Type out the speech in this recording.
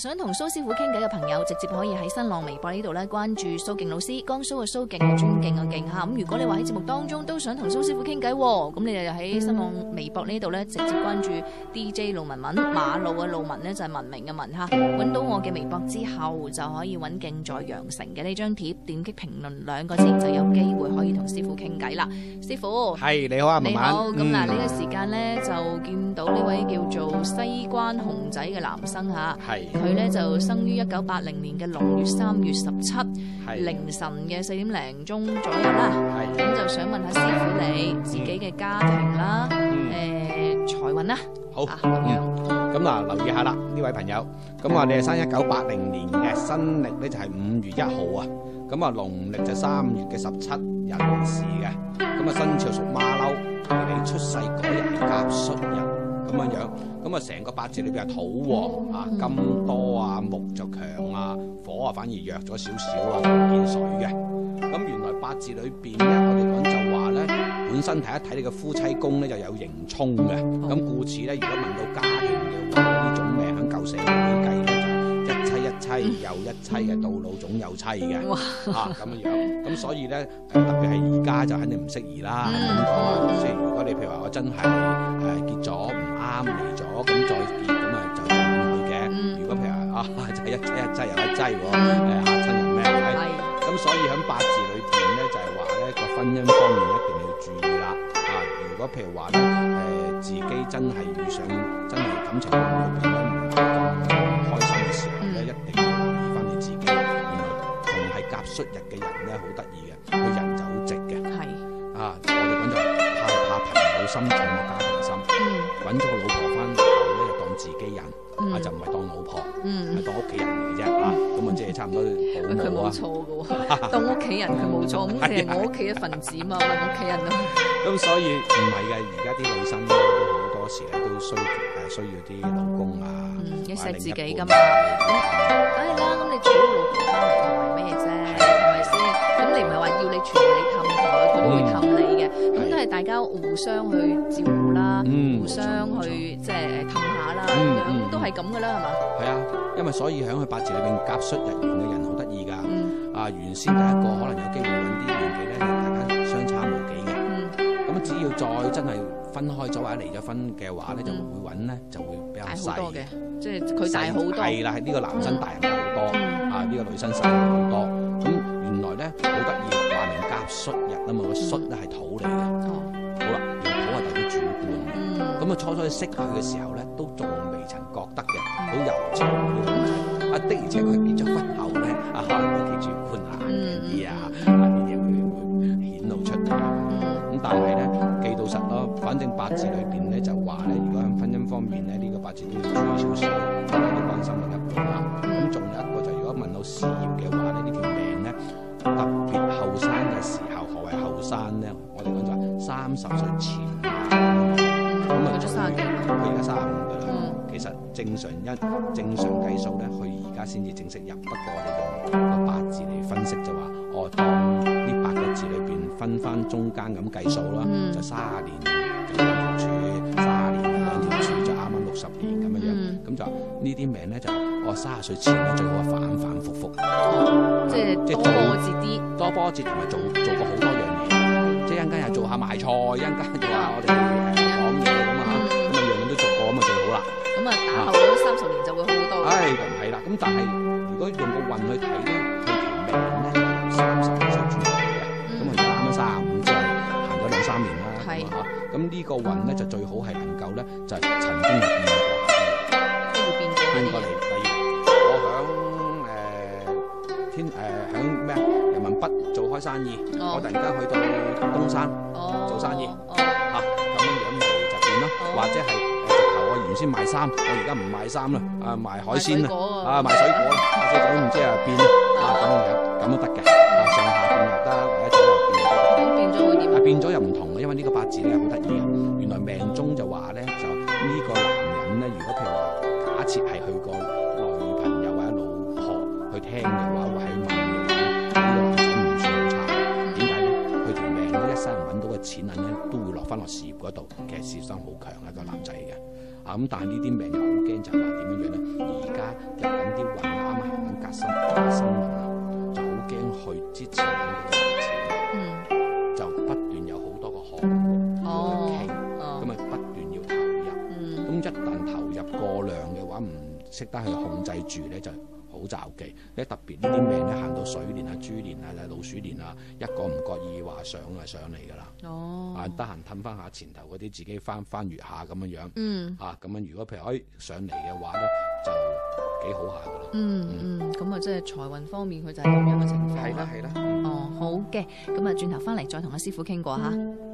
想同蘇師傅傾偈嘅朋友，直接可以喺新浪微博呢度咧關注蘇敬老師，江蘇嘅蘇敬嘅尊敬嘅敬吓。咁、啊、如果你話喺節目當中都想同蘇師傅傾偈，咁、啊、你哋就喺新浪微博呢度咧直接關注 DJ 路文文，馬路嘅路文呢，就係文明嘅文吓。揾、啊、到我嘅微博之後，就可以揾勁在羊城嘅呢張貼，點擊評論兩個字就有機會可以同師傅傾偈啦。師傅係你好啊文文，慢慢你好。咁嗱呢個時間咧、嗯、就見到呢位叫做西關熊仔嘅男生吓，係、啊。佢咧就生於一九八零年嘅農曆三月十七，係凌晨嘅四點零鐘左右啦。咁就想問下師傅你自己嘅家庭啦，誒財運啦。好，咁嗱，留意下啦，呢位朋友。咁你係生一九八零年嘅新曆咧就係五月一號啊。咁啊，農曆就三月嘅十七日時嘅。咁啊，生肖屬馬騮，出世嗰日係甲戌日，咁樣樣。咁啊，成個八字裏邊啊，土旺啊，金多啊，木就強啊，火啊反而弱咗少少啊，唔見水嘅。咁原來八字裏邊咧，我哋講就話咧，本身睇一睇你嘅夫妻宮咧就有刑沖嘅。咁、哦、故此咧，如果問到家庭嘅話，呢種命喺舊社會計咧，就係一妻一妻又一妻嘅到、嗯嗯、老總有妻嘅。嚇咁哇 樣，咁所以咧特別係而家就肯定唔適宜啦。咁即係如果你譬如話我真係誒結咗。啱嚟咗咁，再結，咁啊就進去嘅。嗯、如果譬如啊就一擠一擠又一擠喎，誒嚇親人咩？係。咁所以喺八字裏邊咧就係話咧，個婚姻方面一定要注意啦。啊，如果譬如話咧誒自己真係遇上真係感情裏邊咧唔開心嘅時候咧，一定要留意返你自己。原來同係甲戌日嘅人咧好得意嘅，佢人就好直嘅。係的。啊！好心腸啊，家庭心，揾咗個老婆翻嚟，咧，當自己人，啊就唔係當老婆，係當屋企人嚟嘅啫，咁啊即係差唔多。佢冇錯噶，當屋企人佢冇錯，咁我屋企一份子啊嘛，屋企人啊。咁所以唔係嘅，而家啲女生都好多時啊，都需誒需要啲老公啊，嘅錫自己㗎嘛，梗係啦，咁你娶個老婆翻嚟做咩啫？係咪先？咁你唔係話要你全部你氹佢，佢都會氹。咁都係大家互相去照顧啦，互相去即係氹下啦，咁樣都係咁噶啦，係嘛？係啊，因為所以喺佢八字裏邊夾戌日元嘅人好得意噶，啊原先第一個可能有機會揾啲年紀咧，大家相差無幾嘅，咁只要再真係分開咗或者離咗婚嘅話咧，就會揾咧就會比較細嘅，即係佢大好多係啦，呢個男生大好多啊，呢個女生細好多，咁原來咧好得意。戌日啊嘛，個戌咧係土嚟嘅，哦、好啦，個土係代表主觀嘅，咁啊初初識佢嘅時候咧，都仲未曾覺得嘅，好柔情，啊的而且佢變咗婚後咧。卅年，佢而家卅五嘅啦。嗯、其實正常一正常計數咧，佢而家先至正式入。不過我哋用個八字嚟分析就話，我當呢八個字裏邊分翻中間咁計數啦、嗯，就卅年就兩條柱，卅年就兩條柱，就啱啱六十年咁樣樣。咁就呢啲命咧就，哦，卅歲前咧最好反反覆覆，即係、嗯、多，多波折啲，多波折同埋做做過好多樣嘢。即、就、係、是、一間又做下賣菜，一間做下我哋講嘢。咁啊樣樣都做過，咁啊最好啦。咁啊打後嗰三十年就會好好多。唉，唔係啦。咁但係如果用個運去睇咧，條命咧係三十歲先轉好嘅。咁啊打咗卅五之後，行咗兩三年啦。係是。咁、嗯這個、呢個運咧就最好係能夠咧就曾經有變過。會變幾年？變過嚟，例如我響誒、呃、天誒響咩啊？人民北做開生意，哦、我突然間去到東山做生意。哦或者係直頭我原先賣衫，我而家唔賣衫啦，啊賣海鮮啦，啊賣水果啦，賣水果都唔知啊變啦，啊咁樣樣，咁都得嘅，上下變都得，或者左右變都得。變咗會點啊？變咗又唔同嘅，因為呢個八字咧好得意嘅，嗯、原來命中就話咧，就呢個男人咧，如果譬如話假設係去過女朋友或者老婆去聽嘅話，會喺夢入面。錢銀咧都會落翻落事業嗰度，其實事業心好強啊、個男仔嘅啊咁，但係呢啲命又好驚，就係話點樣樣咧？而家入緊啲運，啱啱行緊革新嘅新聞啊，就好驚去支持，銀嘅來錢，就不斷有好多個項目要傾，咁啊不斷要投入，咁、嗯、一旦投入過量嘅話，唔識得去控制住咧就。好撞忌，咧特別呢啲命咧行到水年啊、豬年啊、老鼠年啊，一個唔覺意話上，上、oh. 啊上嚟噶啦。哦，啊得閒吞翻下前頭嗰啲自己翻翻閱下咁樣樣。嗯、mm. 啊。嚇，咁樣如果譬如誒、哎、上嚟嘅話咧，就幾好下噶咯。嗯、mm hmm. mm. 嗯，咁啊即係財運方面佢就係咁樣嘅情況。係啦係啦。Hmm. 哦，好嘅，咁啊轉頭翻嚟再同阿師傅傾過嚇。Mm hmm.